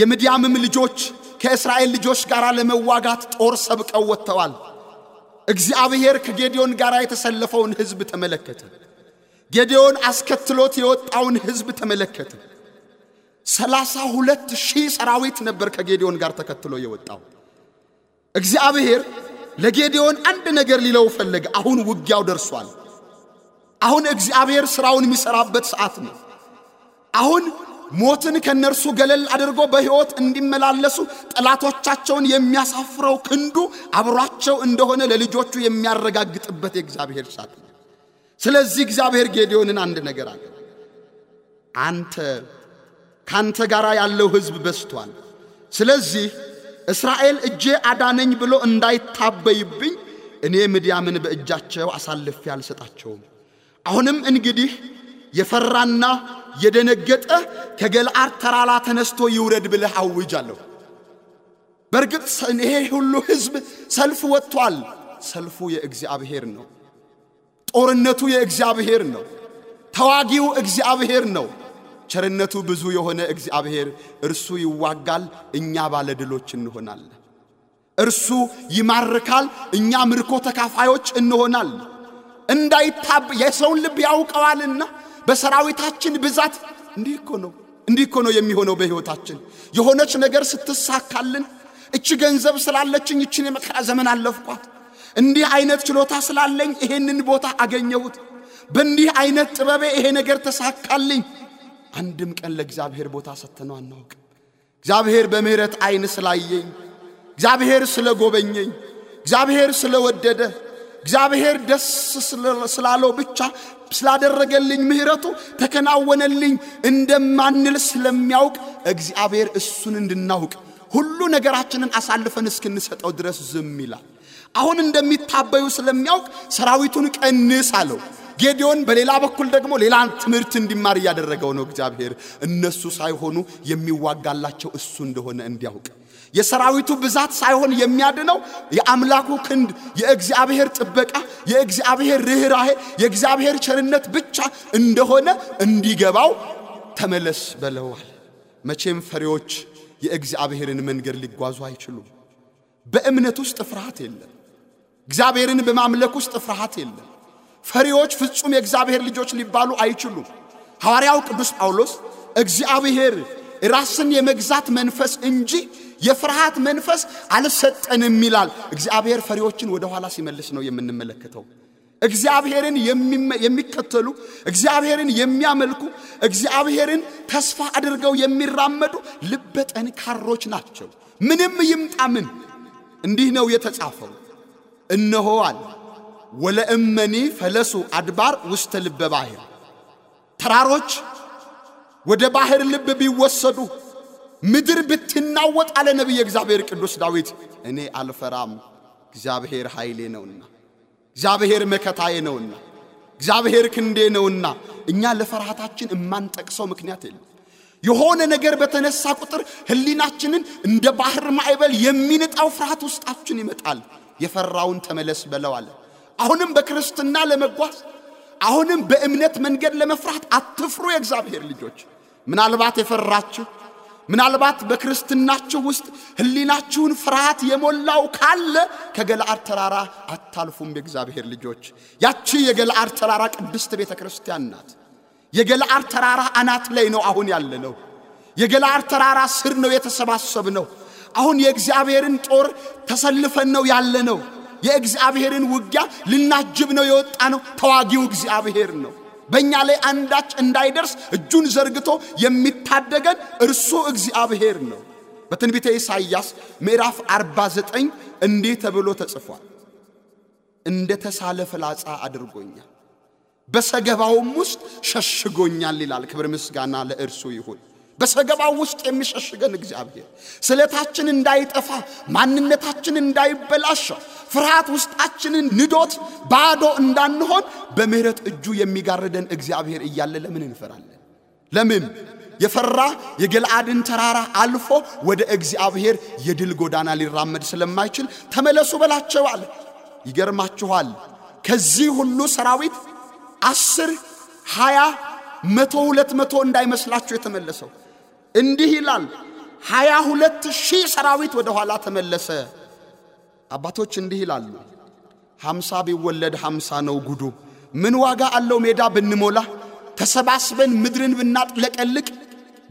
የምድያምም ልጆች ከእስራኤል ልጆች ጋር ለመዋጋት ጦር ሰብቀው ወጥተዋል። እግዚአብሔር ከጌዲዮን ጋር የተሰለፈውን ሕዝብ ተመለከተ። ጌዲዮን አስከትሎት የወጣውን ሕዝብ ተመለከተ። ሰላሳ ሁለት ሺህ ሰራዊት ነበር ከጌዲዮን ጋር ተከትሎ የወጣው። እግዚአብሔር ለጌዲዮን አንድ ነገር ሊለው ፈለገ። አሁን ውጊያው ደርሷል። አሁን እግዚአብሔር ስራውን የሚሰራበት ሰዓት ነው። አሁን ሞትን ከነርሱ ገለል አድርጎ በሕይወት እንዲመላለሱ ጠላቶቻቸውን የሚያሳፍረው ክንዱ አብሯቸው እንደሆነ ለልጆቹ የሚያረጋግጥበት የእግዚአብሔር እሳት ስለዚህ እግዚአብሔር ጌዲዮንን አንድ ነገር አለ። አንተ ካንተ ጋር ያለው ሕዝብ በዝቷል። ስለዚህ እስራኤል እጄ አዳነኝ ብሎ እንዳይታበይብኝ እኔ ምድያምን በእጃቸው አሳልፌ አልሰጣቸውም። አሁንም እንግዲህ የፈራና የደነገጠ ከገልአድ ተራራ ተነስቶ ይውረድ ብለህ አውጃለሁ። በእርግጥ ይሄ ሁሉ ሕዝብ ሰልፍ ወጥቷል። ሰልፉ የእግዚአብሔር ነው። ጦርነቱ የእግዚአብሔር ነው። ተዋጊው እግዚአብሔር ነው። ቸርነቱ ብዙ የሆነ እግዚአብሔር እርሱ ይዋጋል፣ እኛ ባለድሎች እንሆናለን። እርሱ ይማርካል፣ እኛ ምርኮ ተካፋዮች እንሆናል። እንዳይታብ የሰውን ልብ ያውቀዋልና በሰራዊታችን ብዛት እንዲህ እኮ ነው እንዲህ እኮ ነው የሚሆነው። በሕይወታችን የሆነች ነገር ስትሳካልን እቺ ገንዘብ ስላለችኝ እችን የመከራ ዘመን አለፍኳት፣ እንዲህ አይነት ችሎታ ስላለኝ ይሄንን ቦታ አገኘሁት፣ በእንዲህ አይነት ጥበቤ ይሄ ነገር ተሳካልኝ። አንድም ቀን ለእግዚአብሔር ቦታ ሰተነው አናውቅ። እግዚአብሔር በምሕረት አይን ስላየኝ፣ እግዚአብሔር ስለጎበኘኝ፣ እግዚአብሔር ስለወደደ፣ እግዚአብሔር ደስ ስላለው ብቻ ስላደረገልኝ ምሕረቱ ተከናወነልኝ እንደማንል ስለሚያውቅ እግዚአብሔር እሱን እንድናውቅ ሁሉ ነገራችንን አሳልፈን እስክንሰጠው ድረስ ዝም ይላል። አሁን እንደሚታበዩ ስለሚያውቅ ሰራዊቱን ቀንስ አለው። ጌዲዮን በሌላ በኩል ደግሞ ሌላ ትምህርት እንዲማር እያደረገው ነው። እግዚአብሔር እነሱ ሳይሆኑ የሚዋጋላቸው እሱ እንደሆነ እንዲያውቅ የሰራዊቱ ብዛት ሳይሆን የሚያድነው የአምላኩ ክንድ፣ የእግዚአብሔር ጥበቃ፣ የእግዚአብሔር ርኅራሄ፣ የእግዚአብሔር ቸርነት ብቻ እንደሆነ እንዲገባው ተመለስ በለዋል። መቼም ፈሪዎች የእግዚአብሔርን መንገድ ሊጓዙ አይችሉም። በእምነት ውስጥ ፍርሃት የለም። እግዚአብሔርን በማምለክ ውስጥ ፍርሃት የለም። ፈሪዎች ፍጹም የእግዚአብሔር ልጆች ሊባሉ አይችሉም። ሐዋርያው ቅዱስ ጳውሎስ እግዚአብሔር ራስን የመግዛት መንፈስ እንጂ የፍርሃት መንፈስ አልሰጠንም ይላል። እግዚአብሔር ፈሪዎችን ወደ ኋላ ሲመልስ ነው የምንመለከተው። እግዚአብሔርን የሚከተሉ እግዚአብሔርን የሚያመልኩ እግዚአብሔርን ተስፋ አድርገው የሚራመዱ ልበ ጠንካሮች ናቸው። ምንም ይምጣ ምን፣ እንዲህ ነው የተጻፈው። እነሆ አለ ወለእመኒ ፈለሱ አድባር ውስተ ልበ ባሕር፣ ተራሮች ወደ ባሕር ልብ ቢወሰዱ ምድር ብትናወጥ አለ ነቢየ እግዚአብሔር ቅዱስ ዳዊት፣ እኔ አልፈራም እግዚአብሔር ኃይሌ ነውና፣ እግዚአብሔር መከታዬ ነውና፣ እግዚአብሔር ክንዴ ነውና። እኛ ለፍርሃታችን እማንጠቅሰው ምክንያት የለም። የሆነ ነገር በተነሳ ቁጥር ህሊናችንን እንደ ባህር ማዕበል የሚንጣው ፍርሃት ውስጣችን ይመጣል። የፈራውን ተመለስ በለው አለ። አሁንም በክርስትና ለመጓዝ አሁንም በእምነት መንገድ ለመፍራት አትፍሩ የእግዚአብሔር ልጆች። ምናልባት የፈራችሁ ምናልባት በክርስትናችሁ ውስጥ ሕሊናችሁን ፍርሃት የሞላው ካለ ከገልአድ ተራራ አታልፉም። የእግዚአብሔር ልጆች፣ ያቺ የገልአድ ተራራ ቅድስት ቤተ ክርስቲያን ናት። የገልአድ ተራራ አናት ላይ ነው አሁን ያለ ነው። የገልአድ ተራራ ስር ነው የተሰባሰብ ነው አሁን የእግዚአብሔርን ጦር ተሰልፈን ነው ያለ ነው የእግዚአብሔርን ውጊያ ልናጅብ ነው የወጣ ነው። ተዋጊው እግዚአብሔር ነው። በእኛ ላይ አንዳች እንዳይደርስ እጁን ዘርግቶ የሚታደገን እርሱ እግዚአብሔር ነው። በትንቢተ ኢሳይያስ ምዕራፍ 49 እንዲህ ተብሎ ተጽፏል። እንደ ተሳለ ፍላጻ አድርጎኛል፣ በሰገባውም ውስጥ ሸሽጎኛል ይላል። ክብር ምስጋና ለእርሱ ይሁን። በሰገባው ውስጥ የሚሸሽገን እግዚአብሔር ስለታችን እንዳይጠፋ ማንነታችን እንዳይበላሸ ፍርሃት ውስጣችንን ንዶት ባዶ እንዳንሆን በምህረት እጁ የሚጋርደን እግዚአብሔር እያለ ለምን እንፈራለን? ለምን የፈራ የገልአድን ተራራ አልፎ ወደ እግዚአብሔር የድል ጎዳና ሊራመድ ስለማይችል ተመለሱ በላቸው አለ። ይገርማችኋል ከዚህ ሁሉ ሰራዊት አስር ሀያ መቶ ሁለት መቶ እንዳይመስላችሁ የተመለሰው እንዲህ ይላል፣ ሀያ ሁለት ሺህ ሰራዊት ወደ ኋላ ተመለሰ። አባቶች እንዲህ ይላሉ፣ ሀምሳ ቢወለድ ሀምሳ ነው ጉዱ። ምን ዋጋ አለው ሜዳ ብንሞላ፣ ተሰባስበን ምድርን ብናጥለቀልቅ፣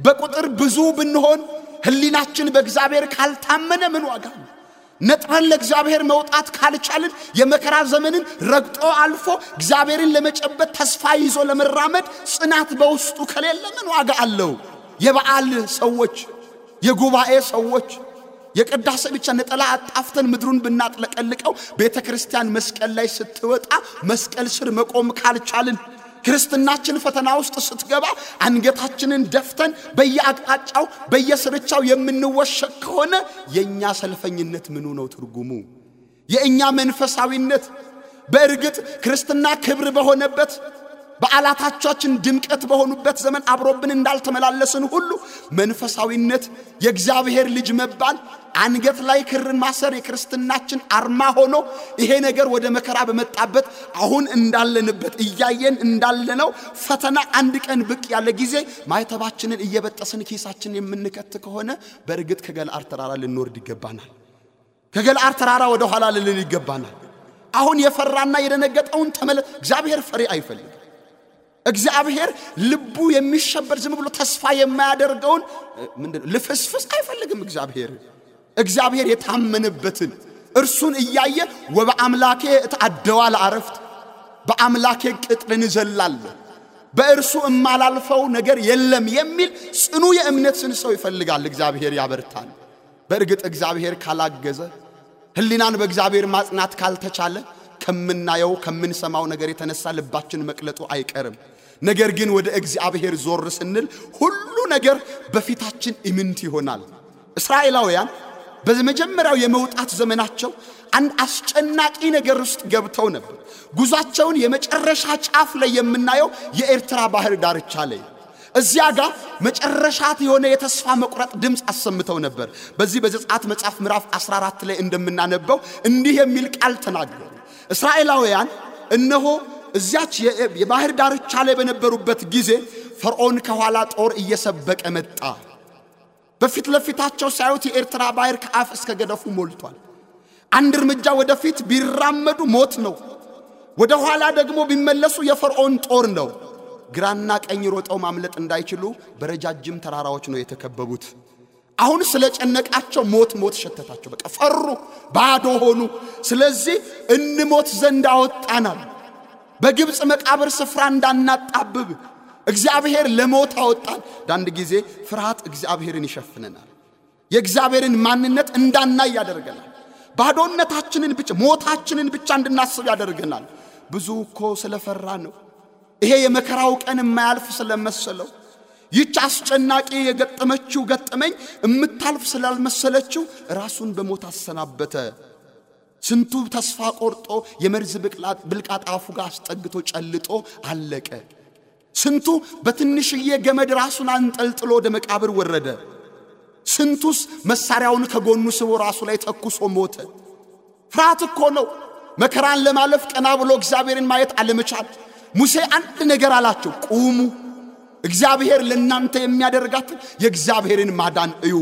በቁጥር ብዙ ብንሆን፣ ህሊናችን በእግዚአብሔር ካልታመነ ምን ዋጋ ነው? ነጥረን ለእግዚአብሔር መውጣት ካልቻልን የመከራ ዘመንን ረግጦ አልፎ እግዚአብሔርን ለመጨበጥ ተስፋ ይዞ ለመራመድ ጽናት በውስጡ ከሌለ ምን ዋጋ አለው? የበዓል ሰዎች፣ የጉባኤ ሰዎች የቅዳሴ ብቻ ነጠላ አጣፍተን ምድሩን ብናጥለቀልቀው ቤተ ክርስቲያን መስቀል ላይ ስትወጣ መስቀል ስር መቆም ካልቻልን ክርስትናችን ፈተና ውስጥ ስትገባ አንገታችንን ደፍተን በየአቅጣጫው በየስርቻው የምንወሸቅ ከሆነ የእኛ ሰልፈኝነት ምኑ ነው ትርጉሙ? የእኛ መንፈሳዊነት በእርግጥ ክርስትና ክብር በሆነበት በዓላታቻችን ድምቀት በሆኑበት ዘመን አብሮብን እንዳልተመላለስን ሁሉ መንፈሳዊነት የእግዚአብሔር ልጅ መባል አንገት ላይ ክርን ማሰር የክርስትናችን አርማ ሆኖ ይሄ ነገር ወደ መከራ በመጣበት አሁን እንዳለንበት እያየን እንዳለነው ፈተና አንድ ቀን ብቅ ያለ ጊዜ ማይተባችንን እየበጠስን ኪሳችን የምንከት ከሆነ በእርግጥ ከገልአር ተራራ ልንወርድ ይገባናል። ከገልአር ተራራ ወደ ኋላ ልልን ይገባናል። አሁን የፈራና የደነገጠውን ተመለ እግዚአብሔር ፈሪ አይፈልግም። እግዚአብሔር ልቡ የሚሸበር ዝም ብሎ ተስፋ የማያደርገውን ልፍስፍስ አይፈልግም። እግዚአብሔር እግዚአብሔር የታመነበትን እርሱን እያየ ወበአምላኬ እታደዋል አረፍት በአምላኬ ቅጥርን እዘላለሁ በእርሱ እማላልፈው ነገር የለም የሚል ጽኑ የእምነትን ሰው ይፈልጋል። እግዚአብሔር ያበርታል። በእርግጥ እግዚአብሔር ካላገዘ ሕሊናን በእግዚአብሔር ማጽናት ካልተቻለ ከምናየው ከምንሰማው ነገር የተነሳ ልባችን መቅለጡ አይቀርም። ነገር ግን ወደ እግዚአብሔር ዞር ስንል ሁሉ ነገር በፊታችን ኢምንት ይሆናል። እስራኤላውያን በመጀመሪያው የመውጣት ዘመናቸው አንድ አስጨናቂ ነገር ውስጥ ገብተው ነበር። ጉዟቸውን የመጨረሻ ጫፍ ላይ የምናየው የኤርትራ ባህር ዳርቻ ላይ እዚያ ጋር መጨረሻት የሆነ የተስፋ መቁረጥ ድምፅ አሰምተው ነበር። በዚህ በዘጸአት መጽሐፍ ምዕራፍ 14 ላይ እንደምናነበው እንዲህ የሚል ቃል ተናገሩ። እስራኤላውያን እነሆ እዚያች የባህር ዳርቻ ላይ በነበሩበት ጊዜ ፈርዖን ከኋላ ጦር እየሰበቀ መጣ። በፊት ለፊታቸው ሳዩት የኤርትራ ባህር ከአፍ እስከ ገደፉ ሞልቷል። አንድ እርምጃ ወደፊት ቢራመዱ ሞት ነው። ወደ ኋላ ደግሞ ቢመለሱ የፈርዖን ጦር ነው። ግራና ቀኝ ሮጠው ማምለጥ እንዳይችሉ በረጃጅም ተራራዎች ነው የተከበቡት። አሁን ስለጨነቃቸው ሞት ሞት ሸተታቸው። በቃ ፈሩ፣ ባዶ ሆኑ። ስለዚህ እንሞት ዘንድ አወጣናል። በግብፅ መቃብር ስፍራ እንዳናጣብብ እግዚአብሔር ለሞት አወጣን። አንዳንድ ጊዜ ፍርሃት እግዚአብሔርን ይሸፍነናል። የእግዚአብሔርን ማንነት እንዳናይ ያደርገናል። ባዶነታችንን ብቻ ሞታችንን ብቻ እንድናስብ ያደርገናል። ብዙ እኮ ስለፈራ ነው። ይሄ የመከራው ቀን የማያልፍ ስለመሰለው ይች አስጨናቂ የገጠመችው ገጠመኝ የምታልፍ ስላልመሰለችው ራሱን በሞት አሰናበተ። ስንቱ ተስፋ ቆርጦ የመርዝ ብልቃጥ አፉ ጋር አስጠግቶ ጨልጦ አለቀ። ስንቱ በትንሽዬ ገመድ ራሱን አንጠልጥሎ ወደ መቃብር ወረደ። ስንቱስ መሳሪያውን ከጎኑ ስቦ ራሱ ላይ ተኩሶ ሞተ። ፍርሃት እኮ ነው መከራን ለማለፍ ቀና ብሎ እግዚአብሔርን ማየት አለመቻል። ሙሴ አንድ ነገር አላቸው፣ ቁሙ፣ እግዚአብሔር ለእናንተ የሚያደርጋትን የእግዚአብሔርን ማዳን እዩ።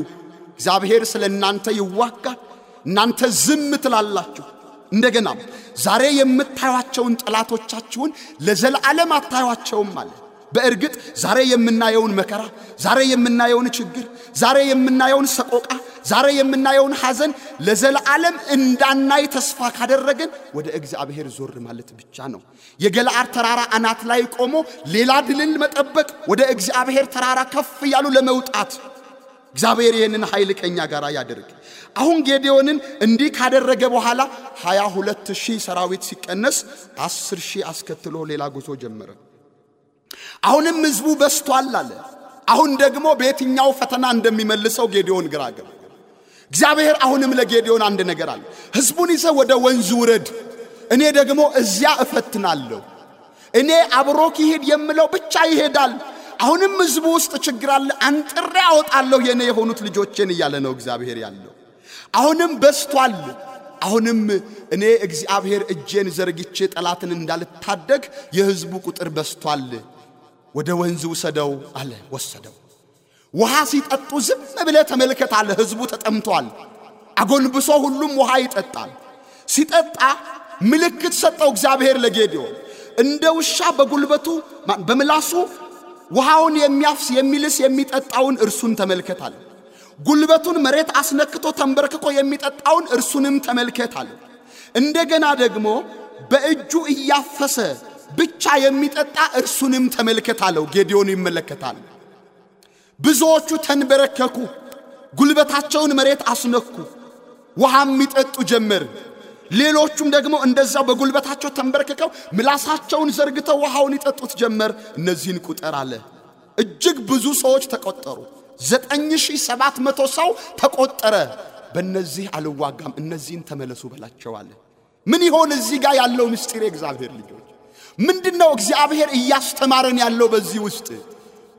እግዚአብሔር ስለ እናንተ ይዋጋል እናንተ ዝም ትላላችሁ። እንደገና ዛሬ የምታዩቸውን ጠላቶቻችሁን ለዘላለም አታዩቸውም አለ። በእርግጥ ዛሬ የምናየውን መከራ፣ ዛሬ የምናየውን ችግር፣ ዛሬ የምናየውን ሰቆቃ፣ ዛሬ የምናየውን ሐዘን ለዘላለም እንዳናይ ተስፋ ካደረግን ወደ እግዚአብሔር ዞር ማለት ብቻ ነው። የገለዓድ ተራራ አናት ላይ ቆሞ ሌላ ድልን መጠበቅ፣ ወደ እግዚአብሔር ተራራ ከፍ እያሉ ለመውጣት እግዚአብሔር ይህንን ኃይል ከኛ ጋር ያደርግ። አሁን ጌዴዎንን እንዲህ ካደረገ በኋላ ሀያ ሺህ ሰራዊት ሲቀነስ 10 ሺህ አስከትሎ ሌላ ጉዞ ጀመረ። አሁንም ህዝቡ በስቷል አለ። አሁን ደግሞ በየትኛው ፈተና እንደሚመልሰው ጌዴዎን ግራ ገባ። እግዚአብሔር አሁንም ለጌዴዎን አንድ ነገር አለ። ህዝቡን ይዘ ወደ ወንዝ ውረድ፣ እኔ ደግሞ እዚያ እፈትናለሁ። እኔ አብሮክ ይሄድ የምለው ብቻ ይሄዳል አሁንም ህዝቡ ውስጥ ችግር አለ፣ አንጥሬ አወጣለሁ የኔ የሆኑት ልጆቼን እያለ ነው እግዚአብሔር ያለው። አሁንም በስቷል። አሁንም እኔ እግዚአብሔር እጄን ዘርግቼ ጠላትን እንዳልታደግ የህዝቡ ቁጥር በስቷል። ወደ ወንዝ ውሰደው አለ። ወሰደው። ውሃ ሲጠጡ ዝም ብለ ተመልከት አለ። ህዝቡ ተጠምቷል። አጎንብሶ ሁሉም ውሃ ይጠጣል። ሲጠጣ ምልክት ሰጠው እግዚአብሔር ለጌዴዎን እንደ ውሻ በጉልበቱ በምላሱ ውሃውን የሚያፍስ የሚልስ የሚጠጣውን እርሱን ተመልከት ጉልበቱን መሬት አስነክቶ ተንበርክኮ የሚጠጣውን እርሱንም ተመልከት እንደገና ደግሞ በእጁ እያፈሰ ብቻ የሚጠጣ እርሱንም ተመልከት አለው። ጌዲዮን ይመለከታል። ብዙዎቹ ተንበረከኩ፣ ጉልበታቸውን መሬት አስነኩ፣ ውሃም ይጠጡ ጀመር። ሌሎቹም ደግሞ እንደዛው በጉልበታቸው ተንበርክከው ምላሳቸውን ዘርግተው ውሃውን ይጠጡት ጀመር። እነዚህን ቁጥር አለ። እጅግ ብዙ ሰዎች ተቆጠሩ። ዘጠኝ ሺህ ሰባት መቶ ሰው ተቆጠረ። በእነዚህ አልዋጋም፣ እነዚህን ተመለሱ በላቸው አለ። ምን ይሆን እዚህ ጋር ያለው ምስጢር? የእግዚአብሔር ልጆች ምንድን ነው እግዚአብሔር እያስተማረን ያለው በዚህ ውስጥ?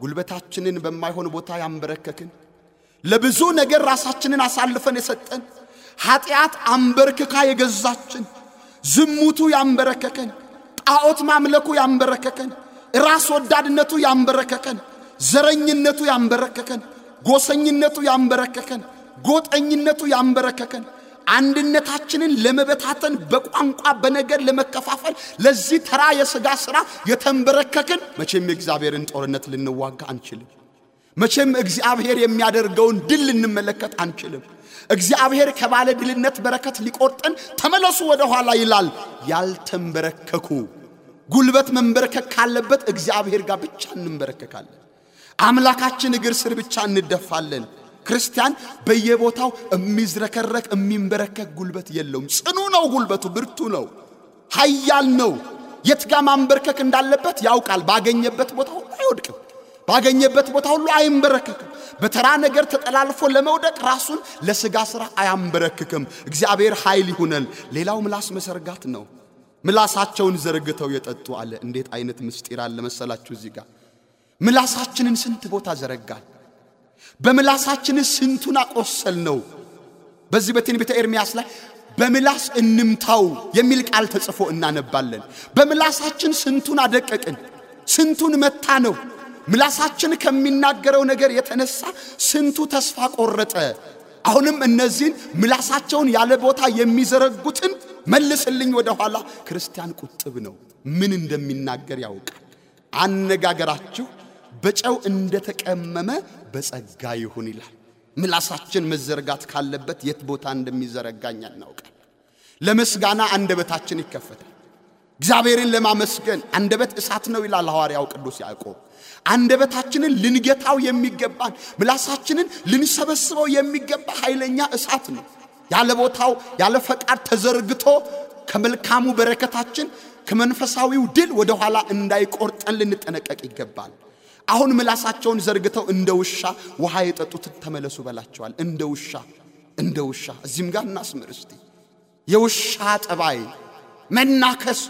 ጉልበታችንን በማይሆን ቦታ ያንበረከክን፣ ለብዙ ነገር ራሳችንን አሳልፈን የሰጠን ኃጢአት አንበርክካ የገዛችን፣ ዝሙቱ ያንበረከከን፣ ጣዖት ማምለኩ ያንበረከከን፣ ራስ ወዳድነቱ ያንበረከከን፣ ዘረኝነቱ ያንበረከከን፣ ጎሰኝነቱ ያንበረከከን፣ ጎጠኝነቱ ያንበረከከን፣ አንድነታችንን ለመበታተን በቋንቋ በነገር ለመከፋፈል ለዚህ ተራ የሥጋ ሥራ የተንበረከክን፣ መቼም የእግዚአብሔርን ጦርነት ልንዋጋ አንችልም። መቼም እግዚአብሔር የሚያደርገውን ድል ልንመለከት አንችልም። እግዚአብሔር ከባለ ድልነት በረከት ሊቆርጠን ተመለሱ ወደ ኋላ ይላል። ያልተንበረከኩ ጉልበት መንበረከክ ካለበት እግዚአብሔር ጋር ብቻ እንንበረከካለን። አምላካችን እግር ስር ብቻ እንደፋለን። ክርስቲያን በየቦታው የሚዝረከረክ የሚንበረከክ ጉልበት የለውም። ጽኑ ነው ጉልበቱ፣ ብርቱ ነው፣ ኃያል ነው። የትጋ ማንበርከክ እንዳለበት ያውቃል። ባገኘበት ቦታ ሁሉ አይወድቅም። ባገኘበት ቦታ ሁሉ አይንበረከክም። በተራ ነገር ተጠላልፎ ለመውደቅ ራሱን ለስጋ ስራ አያንበረክክም። እግዚአብሔር ኃይል ይሁነን። ሌላው ምላስ መሰርጋት ነው። ምላሳቸውን ዘርግተው የጠጡ አለ። እንዴት አይነት ምስጢር አለ መሰላችሁ እዚህ ጋር ምላሳችንን ስንት ቦታ ዘረጋል። በምላሳችን ስንቱን አቆሰል ነው። በዚህ በትንቢተ ኤርምያስ ላይ በምላስ እንምታው የሚል ቃል ተጽፎ እናነባለን። በምላሳችን ስንቱን አደቀቅን፣ ስንቱን መታ ነው። ምላሳችን ከሚናገረው ነገር የተነሳ ስንቱ ተስፋ ቆረጠ። አሁንም እነዚህን ምላሳቸውን ያለ ቦታ የሚዘረጉትን መልስልኝ ወደ ኋላ። ክርስቲያን ቁጥብ ነው፣ ምን እንደሚናገር ያውቃል። አነጋገራችሁ በጨው እንደተቀመመ በጸጋ ይሁን ይላል። ምላሳችን መዘርጋት ካለበት የት ቦታ እንደሚዘረጋኝ እናውቃል። ለምስጋና አንደበታችን ይከፈታል። እግዚአብሔርን ለማመስገን አንደበት እሳት ነው ይላል ሐዋርያው ቅዱስ ያዕቆብ። አንደበታችንን ልንጌታው የሚገባን ምላሳችንን ልንሰበስበው የሚገባ ኃይለኛ እሳት ነው። ያለ ቦታው ያለ ፈቃድ ተዘርግቶ ከመልካሙ በረከታችን ከመንፈሳዊው ድል ወደ ኋላ እንዳይቆርጠን ልንጠነቀቅ ይገባል። አሁን ምላሳቸውን ዘርግተው እንደ ውሻ ውሃ የጠጡት ተመለሱ በላቸዋል። እንደ ውሻ እንደ ውሻ እዚህም ጋር እናስምር እስቲ የውሻ ጠባይ መናከስ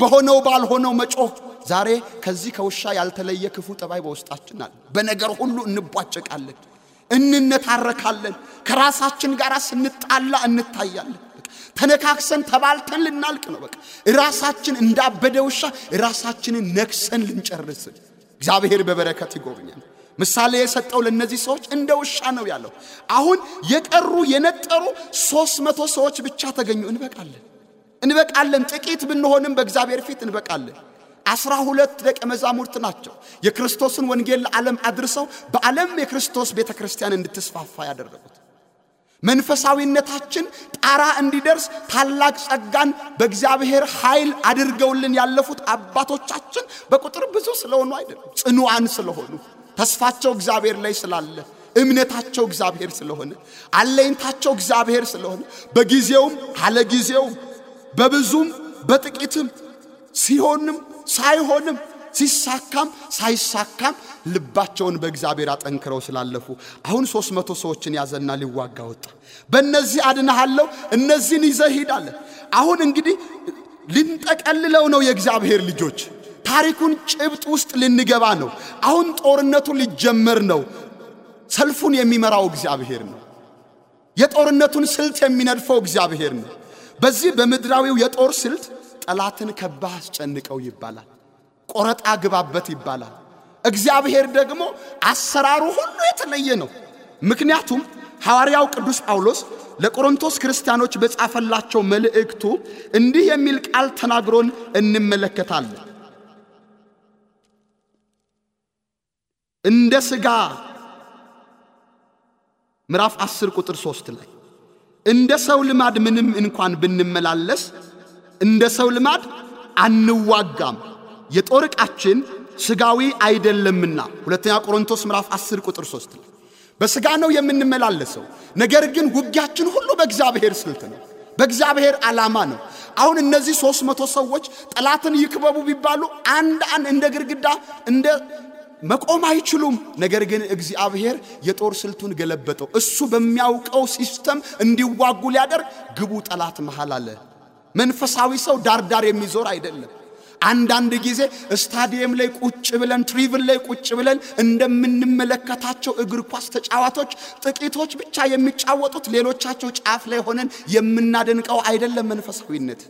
በሆነው ባልሆነው መጮህ ዛሬ ከዚህ ከውሻ ያልተለየ ክፉ ጠባይ በውስጣችን አለ። በነገር ሁሉ እንቧጨቃለን፣ እንነታረካለን፣ ከራሳችን ጋር ስንጣላ እንታያለን። ተነካክሰን ተባልተን ልናልቅ ነው። በቃ ራሳችን እንዳበደ ውሻ ራሳችንን ነክሰን ልንጨርስን። እግዚአብሔር በበረከት ይጎብኛል። ምሳሌ የሰጠው ለእነዚህ ሰዎች እንደ ውሻ ነው ያለው። አሁን የቀሩ የነጠሩ ሶስት መቶ ሰዎች ብቻ ተገኙ። እንበቃለን እንበቃለን። ጥቂት ብንሆንም በእግዚአብሔር ፊት እንበቃለን። አስራ ሁለት ደቀ መዛሙርት ናቸው የክርስቶስን ወንጌል ለዓለም አድርሰው በዓለም የክርስቶስ ቤተ ክርስቲያን እንድትስፋፋ ያደረጉት። መንፈሳዊነታችን ጣራ እንዲደርስ ታላቅ ጸጋን በእግዚአብሔር ኃይል አድርገውልን ያለፉት አባቶቻችን በቁጥር ብዙ ስለሆኑ አይደለም፣ ጽኑዋን ስለሆኑ ተስፋቸው እግዚአብሔር ላይ ስላለ እምነታቸው እግዚአብሔር ስለሆነ አለኝታቸው እግዚአብሔር ስለሆነ በጊዜውም አለጊዜውም በብዙም በጥቂትም ሲሆንም ሳይሆንም ሲሳካም ሳይሳካም ልባቸውን በእግዚአብሔር አጠንክረው ስላለፉ አሁን ሶስት መቶ ሰዎችን ያዘና ሊዋጋ ወጣ። በእነዚህ አድናሃለሁ፣ እነዚህን ይዘህ ሂድ አሁን እንግዲህ ልንጠቀልለው ነው የእግዚአብሔር ልጆች ታሪኩን ጭብጥ ውስጥ ልንገባ ነው። አሁን ጦርነቱ ሊጀመር ነው። ሰልፉን የሚመራው እግዚአብሔር ነው። የጦርነቱን ስልት የሚነድፈው እግዚአብሔር ነው። በዚህ በምድራዊው የጦር ስልት ጠላትን ከባ አስጨንቀው ይባላል። ቆረጣ ግባበት ይባላል። እግዚአብሔር ደግሞ አሰራሩ ሁሉ የተለየ ነው። ምክንያቱም ሐዋርያው ቅዱስ ጳውሎስ ለቆሮንቶስ ክርስቲያኖች በጻፈላቸው መልእክቱ እንዲህ የሚል ቃል ተናግሮን እንመለከታለን። እንደ ሥጋ ምዕራፍ 10 ቁጥር 3 ላይ እንደ ሰው ልማድ ምንም እንኳን ብንመላለስ እንደ ሰው ልማድ አንዋጋም፣ የጦር ዕቃችን ስጋዊ አይደለምና። ሁለተኛ ቆሮንቶስ ምዕራፍ 10 ቁጥር 3 ላይ በስጋ ነው የምንመላለሰው፣ ነገር ግን ውጊያችን ሁሉ በእግዚአብሔር ስልት ነው፣ በእግዚአብሔር ዓላማ ነው። አሁን እነዚህ ሦስት መቶ ሰዎች ጠላትን ይክበቡ ቢባሉ አንድ አንድ እንደ ግድግዳ እንደ መቆም አይችሉም። ነገር ግን እግዚአብሔር የጦር ስልቱን ገለበጠው። እሱ በሚያውቀው ሲስተም እንዲዋጉ ሊያደርግ ግቡ ጠላት መሃል አለ። መንፈሳዊ ሰው ዳርዳር የሚዞር አይደለም። አንዳንድ ጊዜ ስታዲየም ላይ ቁጭ ብለን ትሪቭን ላይ ቁጭ ብለን እንደምንመለከታቸው እግር ኳስ ተጫዋቶች ጥቂቶች ብቻ የሚጫወቱት ሌሎቻቸው ጫፍ ላይ ሆነን የምናደንቀው አይደለም። መንፈሳዊነት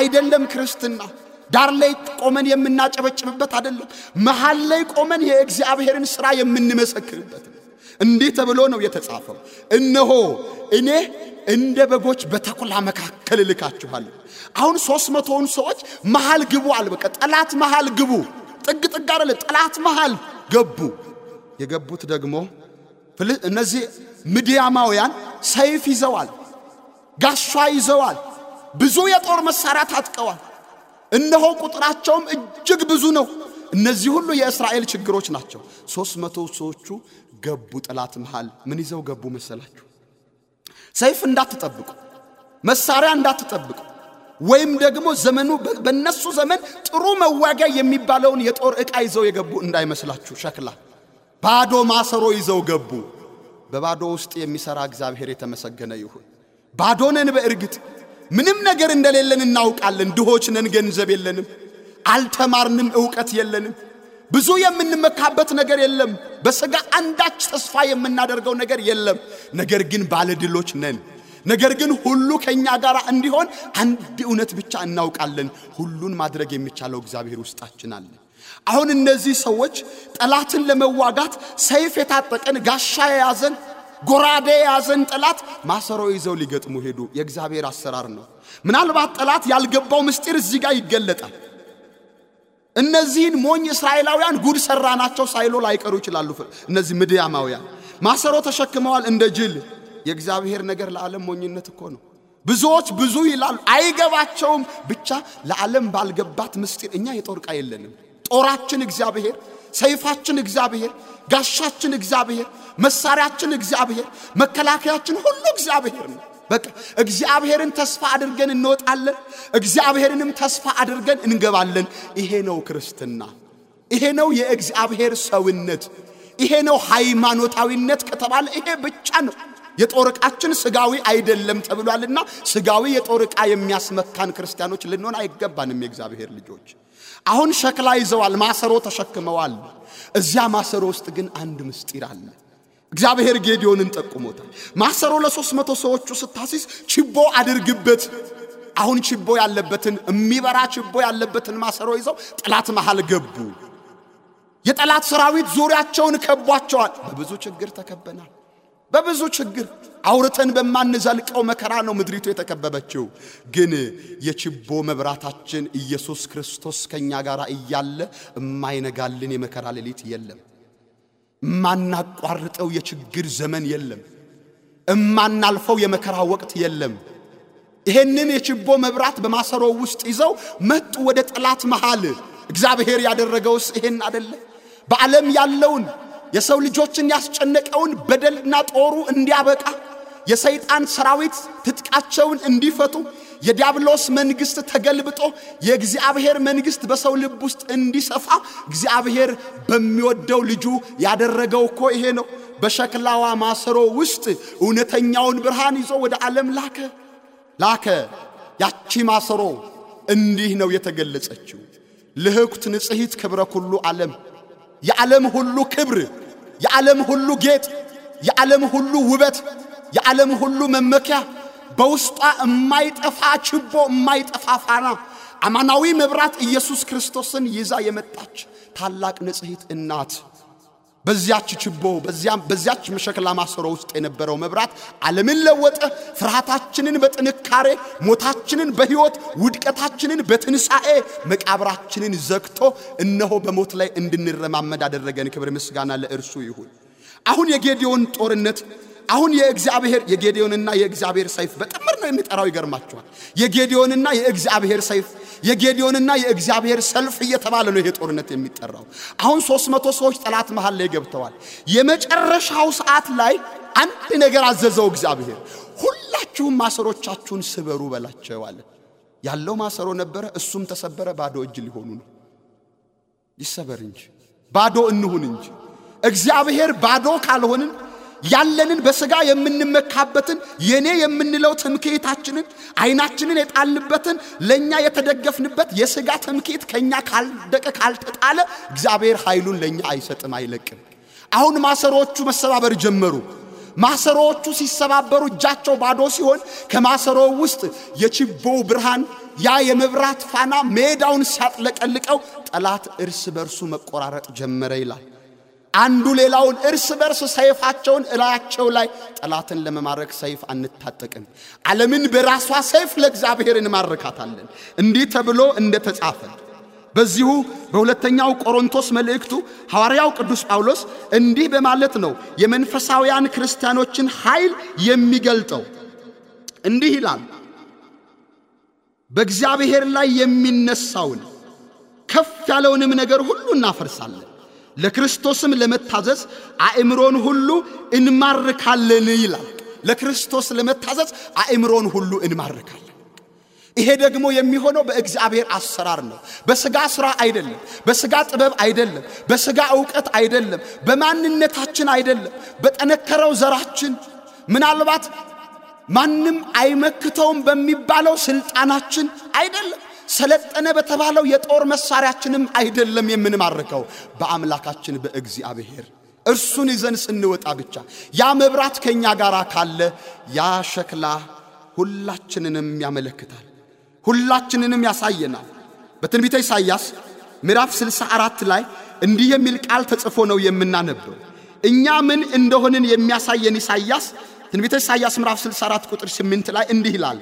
አይደለም ክርስትና ዳር ላይ ቆመን የምናጨበጭብበት አይደለም። መሃል ላይ ቆመን የእግዚአብሔርን ሥራ የምንመሰክርበት ነው። እንዲህ ተብሎ ነው የተጻፈው፣ እነሆ እኔ እንደ በጎች በተኩላ መካከል እልካችኋለሁ። አሁን ሦስት መቶውን ሰዎች መሃል ግቡ አልበቀ ጠላት መሃል ግቡ፣ ጥግ ጥግ አለ ጠላት መሃል ገቡ። የገቡት ደግሞ እነዚህ ምድያማውያን ሰይፍ ይዘዋል፣ ጋሻ ይዘዋል፣ ብዙ የጦር መሳሪያ ታጥቀዋል። እነሆ ቁጥራቸውም እጅግ ብዙ ነው። እነዚህ ሁሉ የእስራኤል ችግሮች ናቸው። ሦስት መቶ ሰዎቹ ገቡ ጠላት መሃል። ምን ይዘው ገቡ መሰላችሁ? ሰይፍ እንዳትጠብቁ፣ መሳሪያ እንዳትጠብቁ፣ ወይም ደግሞ ዘመኑ በእነሱ ዘመን ጥሩ መዋጊያ የሚባለውን የጦር ዕቃ ይዘው የገቡ እንዳይመስላችሁ። ሸክላ ባዶ ማሰሮ ይዘው ገቡ። በባዶ ውስጥ የሚሠራ እግዚአብሔር የተመሰገነ ይሁን። ባዶንን በእርግጥ ምንም ነገር እንደሌለን እናውቃለን። ድሆች ነን፣ ገንዘብ የለንም፣ አልተማርንም፣ ዕውቀት የለንም። ብዙ የምንመካበት ነገር የለም። በሥጋ አንዳች ተስፋ የምናደርገው ነገር የለም። ነገር ግን ባለድሎች ነን። ነገር ግን ሁሉ ከኛ ጋር እንዲሆን አንድ እውነት ብቻ እናውቃለን። ሁሉን ማድረግ የሚቻለው እግዚአብሔር ውስጣችን አለ። አሁን እነዚህ ሰዎች ጠላትን ለመዋጋት ሰይፍ የታጠቀን ጋሻ የያዘን ጎራዴ የያዘን ጠላት ማሰሮ ይዘው ሊገጥሙ ሄዱ። የእግዚአብሔር አሰራር ነው። ምናልባት ጠላት ያልገባው ምስጢር እዚህ ጋር ይገለጣል። እነዚህን ሞኝ እስራኤላውያን ጉድ ሰራናቸው ሳይሎ ላይቀሩ ይችላሉ። እነዚህ ምድያማውያን ማሰሮ ተሸክመዋል እንደ ጅል። የእግዚአብሔር ነገር ለዓለም ሞኝነት እኮ ነው። ብዙዎች ብዙ ይላሉ፣ አይገባቸውም። ብቻ ለዓለም ባልገባት ምስጢር እኛ የጦር ዕቃ የለንም። ጦራችን እግዚአብሔር ሰይፋችን እግዚአብሔር፣ ጋሻችን እግዚአብሔር፣ መሳሪያችን እግዚአብሔር፣ መከላከያችን ሁሉ እግዚአብሔር ነው። በቃ እግዚአብሔርን ተስፋ አድርገን እንወጣለን፣ እግዚአብሔርንም ተስፋ አድርገን እንገባለን። ይሄ ነው ክርስትና። ይሄ ነው የእግዚአብሔር ሰውነት። ይሄ ነው ሃይማኖታዊነት ከተባለ ይሄ ብቻ ነው። የጦር ዕቃችን ስጋዊ አይደለም ተብሏልና ስጋዊ የጦር ዕቃ የሚያስመካን ክርስቲያኖች ልንሆን አይገባንም የእግዚአብሔር ልጆች አሁን ሸክላ ይዘዋል፣ ማሰሮ ተሸክመዋል። እዚያ ማሰሮ ውስጥ ግን አንድ ምስጢር አለ። እግዚአብሔር ጌዲዮንን ጠቁሞታል። ማሰሮ ለሶስት መቶ ሰዎቹ ስታሲስ ችቦ አድርግበት አሁን ችቦ ያለበትን የሚበራ ችቦ ያለበትን ማሰሮ ይዘው ጠላት መሃል ገቡ። የጠላት ሰራዊት ዙሪያቸውን ከቧቸዋል። በብዙ ችግር ተከበናል። በብዙ ችግር አውርተን በማንዘልቀው መከራ ነው ምድሪቱ የተከበበችው። ግን የችቦ መብራታችን ኢየሱስ ክርስቶስ ከኛ ጋር እያለ እማይነጋልን የመከራ ሌሊት የለም። እማናቋርጠው የችግር ዘመን የለም። እማናልፈው የመከራ ወቅት የለም። ይሄንን የችቦ መብራት በማሰሮ ውስጥ ይዘው መጡ ወደ ጠላት መሃል። እግዚአብሔር ያደረገውስ ይሄን አደለ? በዓለም ያለውን የሰው ልጆችን ያስጨነቀውን በደልና ጦሩ እንዲያበቃ የሰይጣን ሰራዊት ትጥቃቸውን እንዲፈቱ የዲያብሎስ መንግስት ተገልብጦ የእግዚአብሔር መንግስት በሰው ልብ ውስጥ እንዲሰፋ እግዚአብሔር በሚወደው ልጁ ያደረገው እኮ ይሄ ነው። በሸክላዋ ማሰሮ ውስጥ እውነተኛውን ብርሃን ይዞ ወደ ዓለም ላከ ላከ። ያቺ ማሰሮ እንዲህ ነው የተገለጸችው። ልህኩት ንጽሕት ክብረ ኩሉ ዓለም የዓለም ሁሉ ክብር የዓለም ሁሉ ጌጥ፣ የዓለም ሁሉ ውበት፣ የዓለም ሁሉ መመኪያ፣ በውስጧ የማይጠፋ ችቦ፣ የማይጠፋ ፋና፣ አማናዊ መብራት ኢየሱስ ክርስቶስን ይዛ የመጣች ታላቅ ንጽሕት እናት በዚያች ችቦ በዚያች መሸክላ ማሰሮ ውስጥ የነበረው መብራት ዓለምን ለወጠ። ፍርሃታችንን በጥንካሬ ሞታችንን በሕይወት ውድቀታችንን በትንሣኤ መቃብራችንን ዘግቶ እነሆ በሞት ላይ እንድንረማመድ አደረገን። ክብር ምስጋና ለእርሱ ይሁን። አሁን የጌዲዮን ጦርነት አሁን የእግዚአብሔር የጌዲዮንና የእግዚአብሔር ሰይፍ በጥምር ነው የሚጠራው። ይገርማችኋል። የጌዲዮንና የእግዚአብሔር ሰይፍ የጌዲዮንና የእግዚአብሔር ሰልፍ እየተባለ ነው ይሄ ጦርነት የሚጠራው። አሁን ሦስት መቶ ሰዎች ጠላት መሃል ላይ ገብተዋል። የመጨረሻው ሰዓት ላይ አንድ ነገር አዘዘው እግዚአብሔር። ሁላችሁም ማሰሮቻችሁን ስበሩ በላቸው አለ። ያለው ማሰሮ ነበረ፣ እሱም ተሰበረ። ባዶ እጅ ሊሆኑ ነው። ይሰበር እንጂ ባዶ እንሁን እንጂ እግዚአብሔር ባዶ ካልሆንን ያለንን በስጋ የምንመካበትን የኔ የምንለው ትምክህታችንን አይናችንን የጣልንበትን ለእኛ የተደገፍንበት የስጋ ትምክህት ከእኛ ካልደቀ ካልተጣለ እግዚአብሔር ኃይሉን ለእኛ አይሰጥም፣ አይለቅም። አሁን ማሰሮዎቹ መሰባበር ጀመሩ። ማሰሮዎቹ ሲሰባበሩ እጃቸው ባዶ ሲሆን ከማሰሮ ውስጥ የችቦው ብርሃን ያ የመብራት ፋና ሜዳውን ሲያጥለቀልቀው ጠላት እርስ በርሱ መቆራረጥ ጀመረ ይላል። አንዱ ሌላውን እርስ በርስ ሰይፋቸውን እላያቸው ላይ ጠላትን ለመማረክ ሰይፍ አንታጠቅም። ዓለምን በራሷ ሰይፍ ለእግዚአብሔር እንማርካታለን። እንዲህ ተብሎ እንደተጻፈ በዚሁ በሁለተኛው ቆሮንቶስ መልእክቱ ሐዋርያው ቅዱስ ጳውሎስ እንዲህ በማለት ነው የመንፈሳውያን ክርስቲያኖችን ኃይል የሚገልጠው። እንዲህ ይላል በእግዚአብሔር ላይ የሚነሳውን ከፍ ያለውንም ነገር ሁሉ እናፈርሳለን ለክርስቶስም ለመታዘዝ አእምሮን ሁሉ እንማርካለን ይላል። ለክርስቶስ ለመታዘዝ አእምሮን ሁሉ እንማርካለን። ይሄ ደግሞ የሚሆነው በእግዚአብሔር አሰራር ነው። በስጋ ስራ አይደለም፣ በስጋ ጥበብ አይደለም፣ በስጋ እውቀት አይደለም፣ በማንነታችን አይደለም፣ በጠነከረው ዘራችን ምናልባት ማንም አይመክተውም በሚባለው ስልጣናችን አይደለም። ሰለጠነ በተባለው የጦር መሳሪያችንም አይደለም የምንማርከው በአምላካችን በእግዚአብሔር እርሱን ይዘን ስንወጣ ብቻ። ያ መብራት ከእኛ ጋር ካለ ያ ሸክላ ሁላችንንም ያመለክታል፣ ሁላችንንም ያሳየናል። በትንቢተ ኢሳይያስ ምዕራፍ 64 ላይ እንዲህ የሚል ቃል ተጽፎ ነው የምናነበው። እኛ ምን እንደሆንን የሚያሳየን ኢሳይያስ ትንቢተ ኢሳይያስ ምዕራፍ 64 ቁጥር 8 ላይ እንዲህ ይላል፣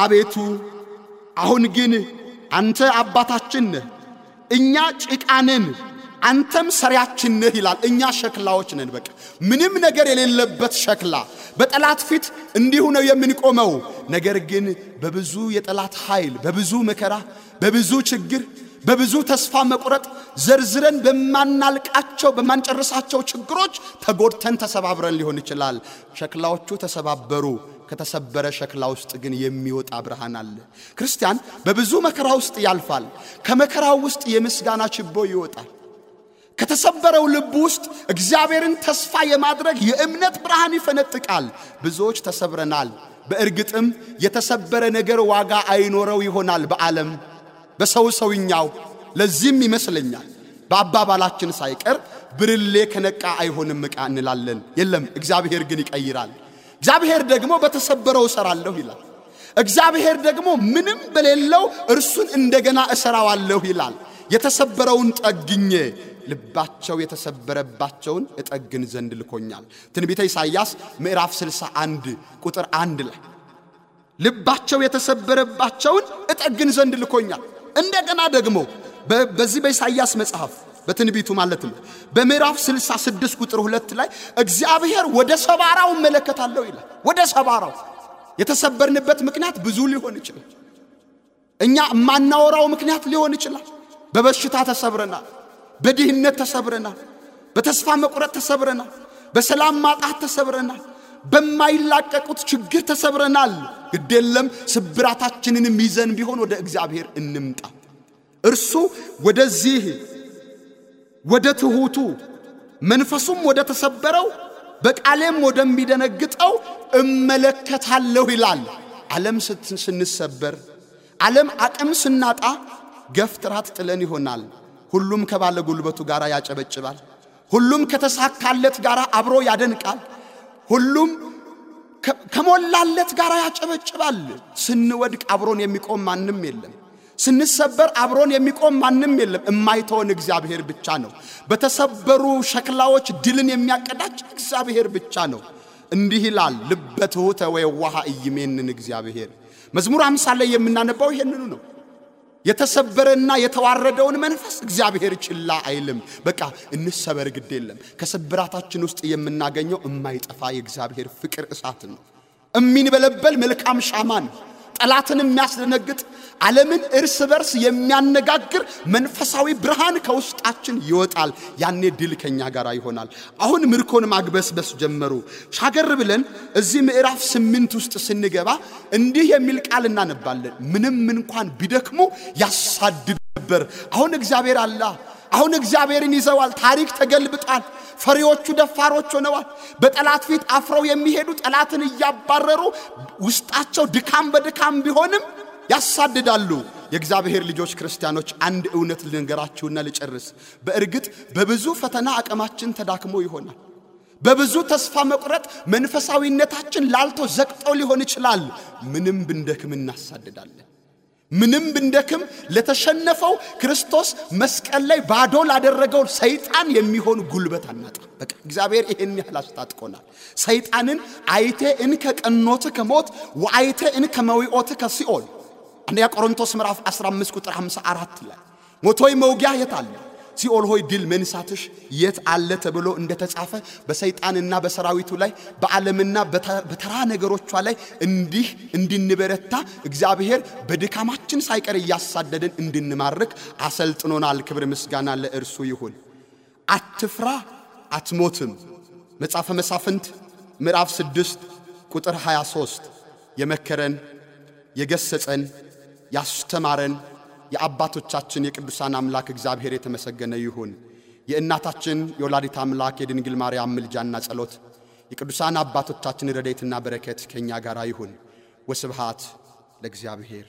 አቤቱ አሁን ግን አንተ አባታችን ነህ፣ እኛ ጭቃንን አንተም ሰሪያችን ነህ ይላል። እኛ ሸክላዎች ነን። በቃ ምንም ነገር የሌለበት ሸክላ። በጠላት ፊት እንዲሁ ነው የምንቆመው። ነገር ግን በብዙ የጠላት ኃይል፣ በብዙ መከራ፣ በብዙ ችግር በብዙ ተስፋ መቁረጥ ዘርዝረን በማናልቃቸው በማንጨርሳቸው ችግሮች ተጎድተን ተሰባብረን ሊሆን ይችላል። ሸክላዎቹ ተሰባበሩ። ከተሰበረ ሸክላ ውስጥ ግን የሚወጣ ብርሃን አለ። ክርስቲያን በብዙ መከራ ውስጥ ያልፋል። ከመከራው ውስጥ የምስጋና ችቦ ይወጣል። ከተሰበረው ልብ ውስጥ እግዚአብሔርን ተስፋ የማድረግ የእምነት ብርሃን ይፈነጥቃል። ብዙዎች ተሰብረናል። በእርግጥም የተሰበረ ነገር ዋጋ አይኖረው ይሆናል በዓለም በሰው ሰውኛው ለዚህም ይመስለኛል በአባባላችን ሳይቀር ብርሌ ከነቃ አይሆንም ዕቃ እንላለን። የለም እግዚአብሔር ግን ይቀይራል። እግዚአብሔር ደግሞ በተሰበረው እሰራለሁ ይላል። እግዚአብሔር ደግሞ ምንም በሌለው እርሱን እንደገና እሰራዋለሁ ይላል። የተሰበረውን ጠግኜ ልባቸው የተሰበረባቸውን እጠግን ዘንድ ልኮኛል። ትንቢተ ኢሳይያስ ምዕራፍ 61 ቁጥር አንድ ላይ ልባቸው የተሰበረባቸውን እጠግን ዘንድ ልኮኛል። እንደገና ደግሞ በዚህ በኢሳይያስ መጽሐፍ በትንቢቱ ማለት ነው በምዕራፍ 66 ቁጥር ሁለት ላይ እግዚአብሔር ወደ ሰባራው እመለከታለሁ ይላል። ወደ ሰባራው የተሰበርንበት ምክንያት ብዙ ሊሆን ይችላል። እኛ የማናወራው ምክንያት ሊሆን ይችላል። በበሽታ ተሰብረናል። በድህነት ተሰብረናል። በተስፋ መቁረጥ ተሰብረናል። በሰላም ማጣት ተሰብረናል። በማይላቀቁት ችግር ተሰብረናል። ግድ የለም ስብራታችንንም ይዘን ቢሆን ወደ እግዚአብሔር እንምጣ። እርሱ ወደዚህ ወደ ትሑቱ መንፈሱም ወደ ተሰበረው በቃሌም ወደሚደነግጠው እመለከታለሁ ይላል። ዓለም ስንሰበር፣ ዓለም አቅም ስናጣ ገፍ ጥለን ይሆናል። ሁሉም ከባለ ጉልበቱ ጋር ያጨበጭባል። ሁሉም ከተሳካለት ጋር አብሮ ያደንቃል። ሁሉም ከሞላለት ጋር ያጨበጭባል። ስንወድቅ አብሮን የሚቆም ማንም የለም። ስንሰበር አብሮን የሚቆም ማንም የለም። የማይተወን እግዚአብሔር ብቻ ነው። በተሰበሩ ሸክላዎች ድልን የሚያቀዳጅ እግዚአብሔር ብቻ ነው። እንዲህ ይላል፣ ልበ ትሑተ ወየዋሃ እይሜንን እግዚአብሔር። መዝሙር አምሳ ላይ የምናነባው ይሄንኑ ነው። የተሰበረና የተዋረደውን መንፈስ እግዚአብሔር ችላ አይልም። በቃ እንሰበር ግድ የለም። ከስብራታችን ውስጥ የምናገኘው የማይጠፋ የእግዚአብሔር ፍቅር እሳት ነው። እሚንበለበል መልካም ሻማ ነው። ጠላትን የሚያስደነግጥ ዓለምን እርስ በርስ የሚያነጋግር መንፈሳዊ ብርሃን ከውስጣችን ይወጣል። ያኔ ድል ከኛ ጋር ይሆናል። አሁን ምርኮን ማግበስበስ ጀመሩ። ሻገር ብለን እዚህ ምዕራፍ ስምንት ውስጥ ስንገባ እንዲህ የሚል ቃል እናነባለን። ምንም እንኳን ቢደክሙ ያሳድድ ነበር። አሁን እግዚአብሔር አላህ አሁን እግዚአብሔርን ይዘዋል። ታሪክ ተገልብጧል። ፈሪዎቹ ደፋሮች ሆነዋል። በጠላት ፊት አፍረው የሚሄዱ ጠላትን እያባረሩ ውስጣቸው ድካም በድካም ቢሆንም ያሳድዳሉ። የእግዚአብሔር ልጆች ክርስቲያኖች፣ አንድ እውነት ልንገራችሁና ልጨርስ። በእርግጥ በብዙ ፈተና አቅማችን ተዳክሞ ይሆናል። በብዙ ተስፋ መቁረጥ መንፈሳዊነታችን ላልቶ ዘቅጦ ሊሆን ይችላል። ምንም ብንደክም እናሳድዳለን። ምንም ብንደክም ለተሸነፈው ክርስቶስ መስቀል ላይ ባዶ ላደረገው ሰይጣን የሚሆን ጉልበት አናጣ። በቃ እግዚአብሔር ይህን ያህል አስታጥቆናል። ሰይጣንን አይቴ እንከ ቀኖት ከሞት ወአይቴ እንከ መዊኦት ከሲኦል አንደኛ ቆሮንቶስ ምዕራፍ 15 ቁጥር 54 ላይ ሞቶይ መውጊያ የት አለ? ሲኦል ሆይ ድል መንሳትሽ የት አለ ተብሎ እንደተጻፈ በሰይጣንና በሰራዊቱ ላይ በዓለምና በተራ ነገሮቿ ላይ እንዲህ እንድንበረታ እግዚአብሔር በድካማችን ሳይቀር እያሳደደን እንድንማርክ አሰልጥኖናል። ክብር ምስጋና ለእርሱ ይሁን። አትፍራ፣ አትሞትም። መጽሐፈ መሳፍንት ምዕራፍ 6 ቁጥር 23 የመከረን የገሰጸን ያስተማረን የአባቶቻችን የቅዱሳን አምላክ እግዚአብሔር የተመሰገነ ይሁን። የእናታችን የወላዲት አምላክ የድንግል ማርያም ምልጃና ጸሎት የቅዱሳን አባቶቻችን ረድኤትና በረከት ከእኛ ጋር ይሁን። ወስብሃት ለእግዚአብሔር።